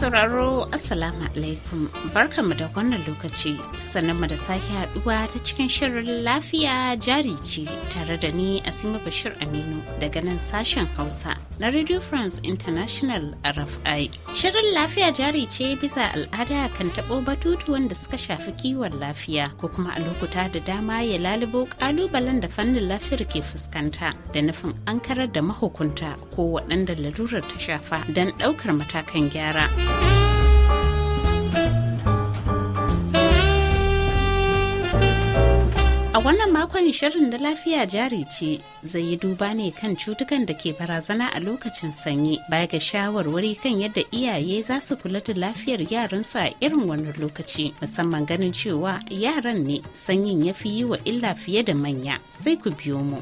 sauraro Assalamu alaikum barkamu da wannan lokaci sannan mu da sake haduwa ta cikin shirin lafiya jari ce tare da ni Asima Bashir Aminu daga nan sashen Hausa na Radio France International RFI. Shirin lafiya jari ce bisa al'ada kan tabo batutuwan da suka shafi kiwon lafiya ko kuma a lokuta da dama ya lalubo kalubalen da fannin lafiyar ke fuskanta da nufin an karar da mahukunta ko waɗanda lalurar ta shafa don ɗaukar matakan gyara. A wannan makon shirin da lafiya jari ce zai yi duba ne kan cutukan da ke barazana a lokacin sanyi baya ga shawarwari kan yadda iyaye za su kula da lafiyar yaransu a irin wannan lokaci musamman ganin cewa yaran ne sanyin ya fi yi wa illa fiye da manya sai ku biyo mu.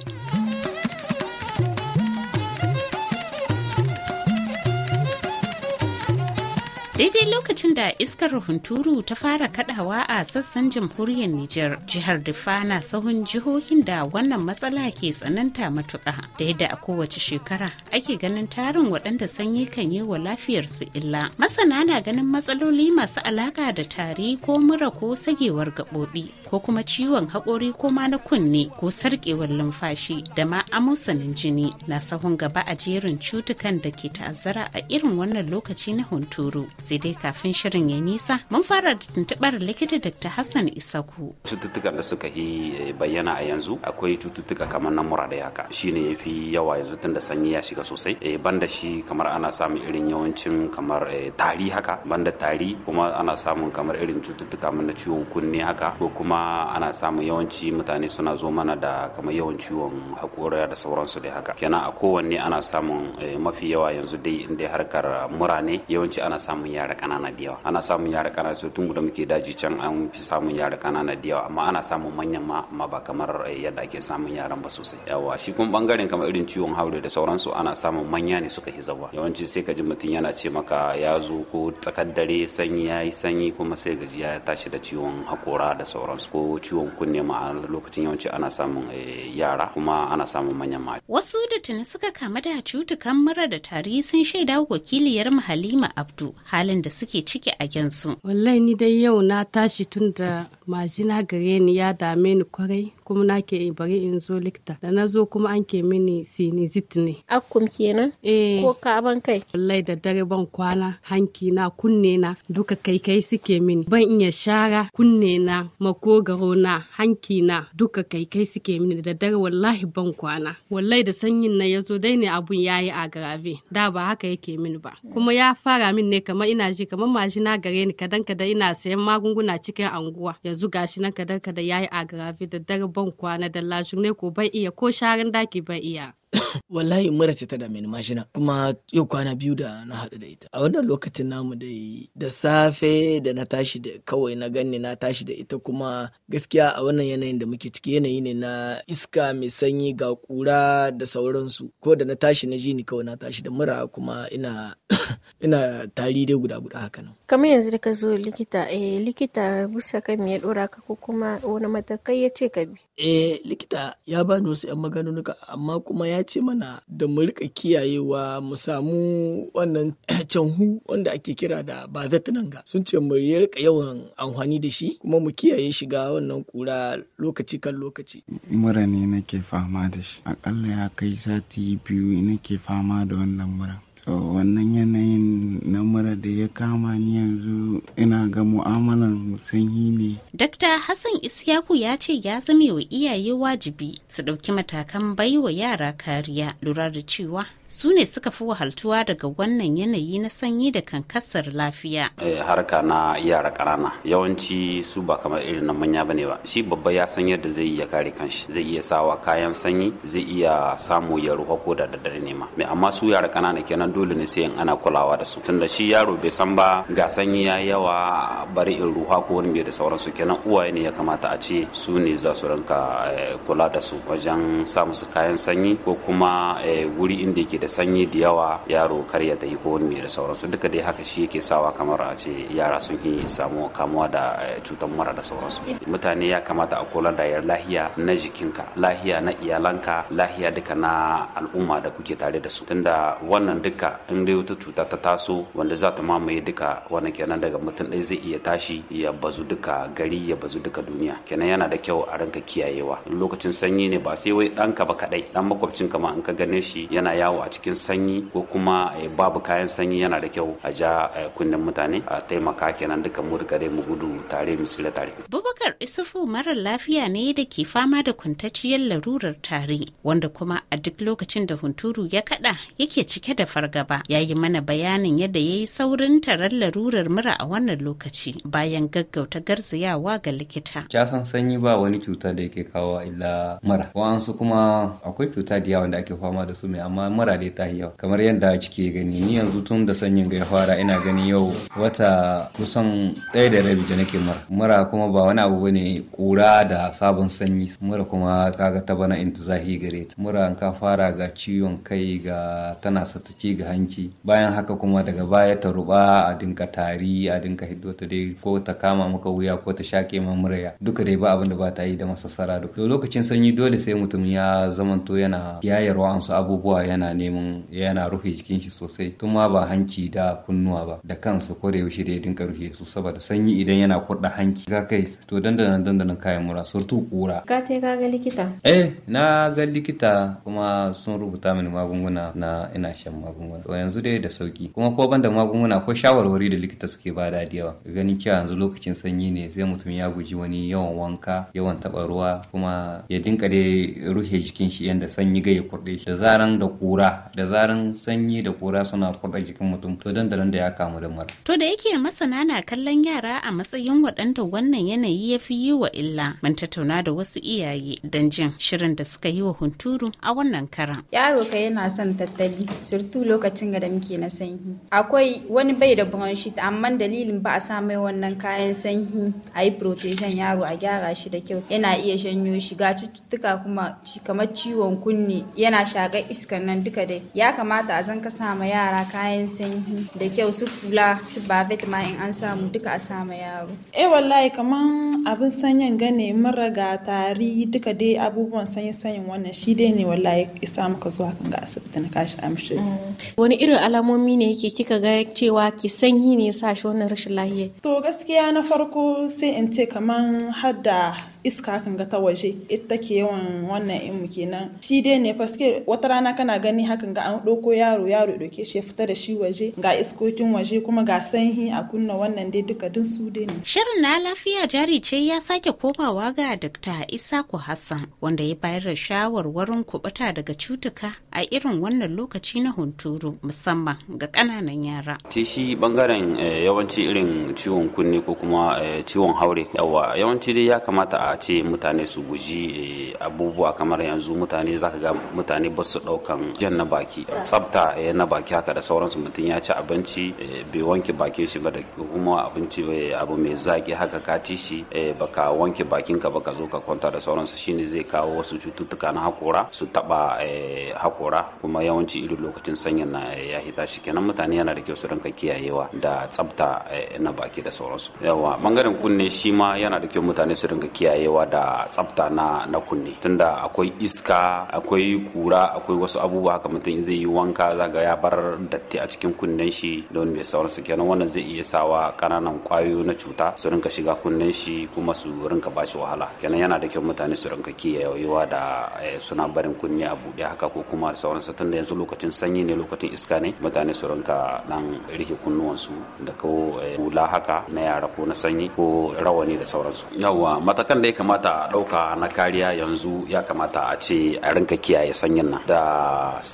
daidai lokacin da iskar hunturu ta fara kadawa a sassan jamhuriyar Nijar jihar difana na sahun jihohin da wannan matsala ke tsananta matuƙa. da yadda a kowace shekara ake ganin tarin waɗanda sanyi kan yi wa lafiyarsu illa masana na ganin matsaloli masu alaƙa da tari ko mura ko sagewar gaɓoɓi ko kuma ciwon haƙori ko ma na kunne ko sarƙewar lumfashi da ma amusanin jini na sahun gaba a jerin cutukan da ke ta'azzara a irin wannan lokaci na hunturu sai dai kafin shirin ya nisa mun fara da tuntubar likita dr hassan isaku cututtukan da suka yi eh, bayyana a yanzu akwai cututtuka kamar na mura da haka shine ya fi yawa yanzu tun da sanyi ya shiga sosai eh, banda shi kamar ana samun irin yawancin kamar eh, tari haka banda tari kuma ana samun kamar irin cututtuka na ciwon kunne haka ko kuma ana samun yawanci mutane suna zo mana da kamar yawan ciwon haƙora da sauransu da haka kenan a kowanne ana samun mafi yawa yanzu dai inda harkar mura ne yawanci ana samun yara kanana da yawa ana samun yara kanana so tun da muke daji can an fi samun yara kanana da yawa amma ana samun manyan ma amma ba kamar eh, yadda ake samun yaran ba sosai yawa shi kuma bangaren kamar irin ciwon haure da sauransu ana samun manya ne suka fi zawa yawanci sai ka ji mutum yana ce maka ya zo ko tsakar dare sanyi ya yi sanyi kuma sai gaji ya tashi da ciwon hakora da sauransu ko ciwon kunne ma lokacin yawanci ana samun eh, yara kuma ana samun manyan ma wasu da tuni suka kama da cutukan mura da tari sun shaida wakiliyar halima abdu hal halin da suke ciki a gensu. Wallahi ni dai yau na tashi tun da majina gare ni ya dame ni kwarai kuma na ke bari in zo likita da na zo kuma an ke mini sinizit ne akkum kenan eh ko kaban kai wallahi da dare ban kwana hanki na kunne na duka kai kai suke mini ban iya shara kunne na makogaro na hanki na duka kai kai suke mini da dare wallahi ban kwana wallahi da sanyin na ya zo dai ne abun yayi a garave da ba haka yake mini ba kuma ya fara min ne kamar ina ji kamar na gare ni kadan kadan ina sayan magunguna cikin anguwa yanzu gashi na kadan kadan yayi a garave da dare ban kwana da ne ko bai iya ko sharan daki bai iya. wallahi mura ce ta da ni mashina kuma yau kwana biyu da na haɗu da ita a wannan lokacin namu dai da safe da na tashi da kawai na ganni na tashi da ita kuma gaskiya a wannan yanayin da muke ciki yanayi ne na iska mai sanyi ga kura da sauransu ko da na tashi na ji ni kawai na tashi da mura kuma ina ina tari dai guda guda haka nan kamar yanzu da ka zo likita eh likita bisa kai me ya dora ka ko kuma wani matakai ya ce ka bi eh likita ya bani wasu yan maganunuka amma kuma ya ya ce mana da mu rika kiyayewa mu samu wannan canhu wanda ake kira da bavet nan ga sun ce mu rika yawan amfani da shi kuma mu kiyaye shiga wannan kura lokaci kan lokaci mura ne nake fama da shi akalla ya kai sati biyu nake fama da wannan mura To wannan yanayin na mura da ya kama ni yanzu ina ga mu'amalan sanyi ne. Dakta Hassan Isyaku ya ce ya zame wa iyaye wajibi su ɗauki matakan baiwa yara kariya lura da cewa su ne suka fi wahaltuwa daga wannan yanayi na sanyi da kankasar lafiya. Eh, harka na yara ƙanana yawanci su ba kamar irin na manya ne ba shi babba ya san yadda zai iya kare kanshi zai iya sawa kayan sanyi zai iya samu ya ruwa ko da daddare ne ma mai amma su yara ƙanana kenan dole ne sai ana kulawa da su tunda shi yaro bai san ba ga sanyi ya yawa bari in ruwa ko wani bai da sauransu kenan uwaye ne ya kamata a ce su ne za su rinka eh, kula da su wajen sa musu kayan sanyi ko kuma eh, wuri inda yake da sanyi da yawa yaro kar ya yi ko wani da sauransu duka dai haka shi yake sawa kamar a ce yara sun yi samu kamuwa da eh, cutar mara da sauransu mutane ya kamata a kula da yar lahiya na jikinka lahiya na iyalanka lahiya duka na al'umma da kuke tare da su tunda wannan duka in dai wata cuta ta taso wanda za ta mamaye duka wannan kenan daga mutum ɗaya zai iya tashi ya bazu duka gari ya bazu duka duniya kenan yana da kyau a ranka kiyayewa lokacin sanyi ne ba sai wai ɗanka ba kaɗai ɗan makwabcinka ma in ka gane shi yana yawo a a cikin sanyi ko kuma eh, babu kayan sanyi yana da kyau a ja eh, kunnen mutane a taimaka kenan duka mu rikare mu gudu tare mu tsira tare. Bubakar Isufu mara lafiya ne da ke fama da kwantaciyar larurar tare wanda kuma a duk lokacin da hunturu ya kada yake cike da fargaba ya yi mana bayanin yadda ya yi saurin taron larurar mura a wannan lokaci bayan gaggauta garzayawa ga likita. Jasan sanyi ba wani cuta da yake kawo illa mura. Wa'ansu kuma akwai cuta da yawan da ake fama da su mai amma mura dai ta yau kamar yadda kike gani ni yanzu tun da sanyin ga ya fara ina gani yau wata kusan ɗaya da rabi da nake mura mura kuma ba wani abu bane kura da sabon sanyi mura kuma kaga ta bana in zahi gare ta mura an ka fara ga ciwon kai ga tana satace ga hanci bayan haka kuma daga baya ta ruba a dinka tari a dinka hiddo ta dai ko ta kama maka wuya ko ta shake ma muraya duka dai ba abin da ba ta yi da masassara duk lokacin sanyi dole sai mutum ya zamanto yana yayarwa an su abubuwa yana ne neman yana rufe jikin shi sosai tun ma ba hanci da kunnuwa ba da kansa ko da yaushe da ya dinka rufe su saboda sanyi idan yana kurda hanci. ga kai to dandanan dandanan kayan mura surtu kura ka te ka ga likita eh na ga likita kuma sun rubuta mini magunguna na ina shan magunguna to yanzu dai da sauki kuma ko banda magunguna ko shawarwari da likita suke ba da yawa ganin cewa yanzu lokacin sanyi ne sai mutum ya guji wani yawan wanka yawan taba ruwa kuma ya dinka dai rufe jikin shi yanda sanyi ga ya kurɗe shi da zaran da kura da zaran sanyi da kura suna kurɗa jikin mutum to dandanan da ya kamu da mara. To da yake masana na kallon yara a matsayin waɗanda wannan yanayi ya fi yi wa illa mun tattauna da wasu iyaye don jin shirin da suka yi wa hunturu a wannan karan. Yaro ka yana son tattali surtu lokacin da muke na sanyi. Akwai wani bai da shi amma dalilin ba a sa mai wannan kayan sanyi a yi protection yaro a gyara shi da kyau yana iya janyo shiga cututtuka kuma kamar ciwon kunne yana shaƙar iskar nan duka dai ya kamata a zan ka sama yara kayan sanyi da kyau su fula su bafet ma in an samu duka a sama yaro eh wallahi kaman abin sanyin gane mara ga tari duka dai abubuwan sanyi sanyin wannan shi dai ne wallahi isa muka zuwa kan ga asibiti na kashi amshi mm. wani irin alamomi ne yake kika ga cewa ki sanyi ne sa shi wannan rashin lahiya to gaskiya na farko sai in ce kaman hadda iska kan ga ta waje ita ke yawan wannan in mu kenan shi dai ne faske wata rana kana gani hakan ga an ɗauko yaro yaro ɗauke shi ya fita da shi waje ga iskokin waje kuma ga sanyi a kunna wannan dai duka dun su dai ne. Shirin na lafiya jari ce ya sake komawa ga Dr. Isaku Hassan wanda ya bayar da shawarwarin kubuta daga cutuka a irin wannan lokaci na hunturu musamman ga kananan yara. Ce shi bangaren eh, yawanci irin ciwon kunne ko kuma eh, ciwon haure yawa yawanci dai ya kamata a ce mutane su guji eh, abubuwa kamar yanzu mutane zaka ga mutane ba su ɗaukan jan na baki tsafta eh, na baki haka da sauransu mutum ya ci abinci eh, bai wanke bakin shi ba da kuma abinci abu mai zaki haka ka ci shi eh, ka wanke bakinka ba ka zo ka kwanta da sauransu shine zai kawo wasu cututtuka na hakora su taba hakora kuma yawanci irin lokacin sanyin na ya hita shi kenan mutane yana da kyau su rinka kiyayewa da tsafta na baki da sauransu yawa bangaren kunne shi ma yana da kyau mutane su rinka kiyayewa da tsafta na na kunne tunda akwai iska akwai kura akwai wasu abubuwa haka mutum zai yi wanka zaga ya bar datti a cikin kunnen shi da wani sauran sauransu kenan wannan zai iya sawa kananan kwayoyi na cuta su rinka shiga kunnen shi kuma su rinka bashi wahala kenan yana da kyau mutane su rinka kiyayewa da eh, suna barin kunne a buɗe haka ko kuma sauransu tunda yanzu lokacin sanyi ne lokacin iska ne mutane su rinka dan kunnuwansu da ko eh, hula haka na yara ko na sanyi ko rawani da sauransu Yawa matakan da ya kamata a ɗauka na kariya yanzu ya kamata a ce a rinka kiyaye sanyin nan da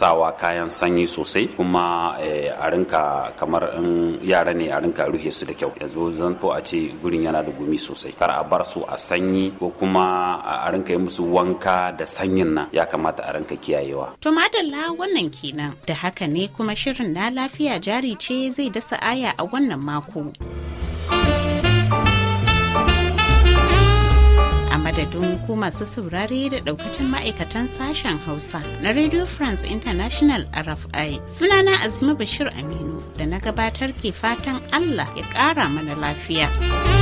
sawa kayan sanyi sosai kuma eh, a rinka kamar yara ne a rinka rufe su da kyau yanzu zanto a ce gurin yana da gumi sosai kar a bar su a sanyi ko kuma a rinka yi musu wanka da sanyin nan ya kamata a rinka kiyayewa to madalla wannan kenan da haka ne kuma shirin na lafiya jari ce zai dasa aya a wannan mako madadin ku masu saurari da daukacin ma'aikatan sashen Hausa na Radio France International RFI. Sunana Azuma Bashir Aminu da na gabatar ke fatan Allah ya ƙara mana lafiya.